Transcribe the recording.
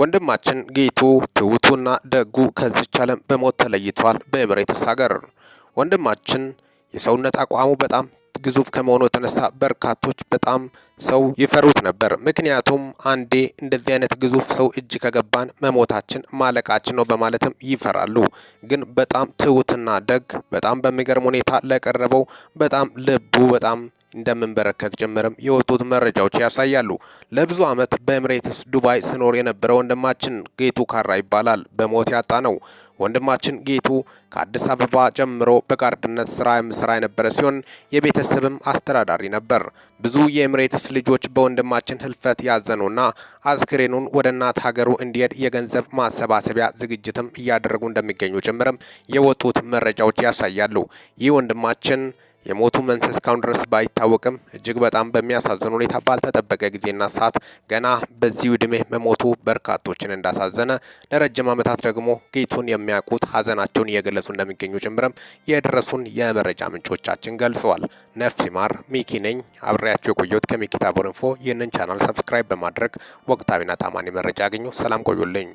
ወንድማችን ጌቱ ትውቱና ደጉ ከዚች ዓለም በሞት ተለይቷል። በኤምሬትስ ሀገር ወንድማችን የሰውነት አቋሙ በጣም ግዙፍ ከመሆኑ የተነሳ በርካቶች በጣም ሰው ይፈሩት ነበር። ምክንያቱም አንዴ እንደዚህ አይነት ግዙፍ ሰው እጅ ከገባን መሞታችን ማለቃችን ነው በማለትም ይፈራሉ። ግን በጣም ትሁትና ደግ በጣም በሚገርም ሁኔታ ለቀረበው በጣም ልቡ በጣም እንደምንበረከክ ጭምርም የወጡት መረጃዎች ያሳያሉ። ለብዙ ዓመት በኤምሬትስ ዱባይ ስኖር የነበረ ወንድማችን ጌቱ ካራ ይባላል በሞት ያጣ ነው። ወንድማችን ጌቱ ከአዲስ አበባ ጀምሮ በጋርድነት ስራ የሚሰራ የነበረ ሲሆን የቤተሰብም አስተዳዳሪ ነበር። ብዙ የኤምሬትስ ልጆች በወንድማችን ህልፈት ያዘኑና አስክሬኑን ወደ እናት ሀገሩ እንዲሄድ የገንዘብ ማሰባሰቢያ ዝግጅትም እያደረጉ እንደሚገኙ ጭምርም የወጡት መረጃዎች ያሳያሉ። ይህ ወንድማችን የሞቱ መንስኤ እስካሁን ድረስ ባይታወቅም እጅግ በጣም በሚያሳዝን ሁኔታ ባልተጠበቀ ጊዜና ሰዓት ገና በዚህ ዕድሜ መሞቱ በርካቶችን እንዳሳዘነ ለረጅም ዓመታት ደግሞ ጌቱን የሚያውቁት ሀዘናቸውን እየገለጹ እንደሚገኙ ጭምርም የደረሱን የመረጃ ምንጮቻችን ገልጸዋል። ነፍሲ ማር ሚኪ ነኝ። አብሬያቸው የቆየሁት ከሚኪ ኢንፎ። ይህንን ቻናል ሰብስክራይብ በማድረግ ወቅታዊና ታማኒ መረጃ ያገኙ። ሰላም ቆዩልኝ።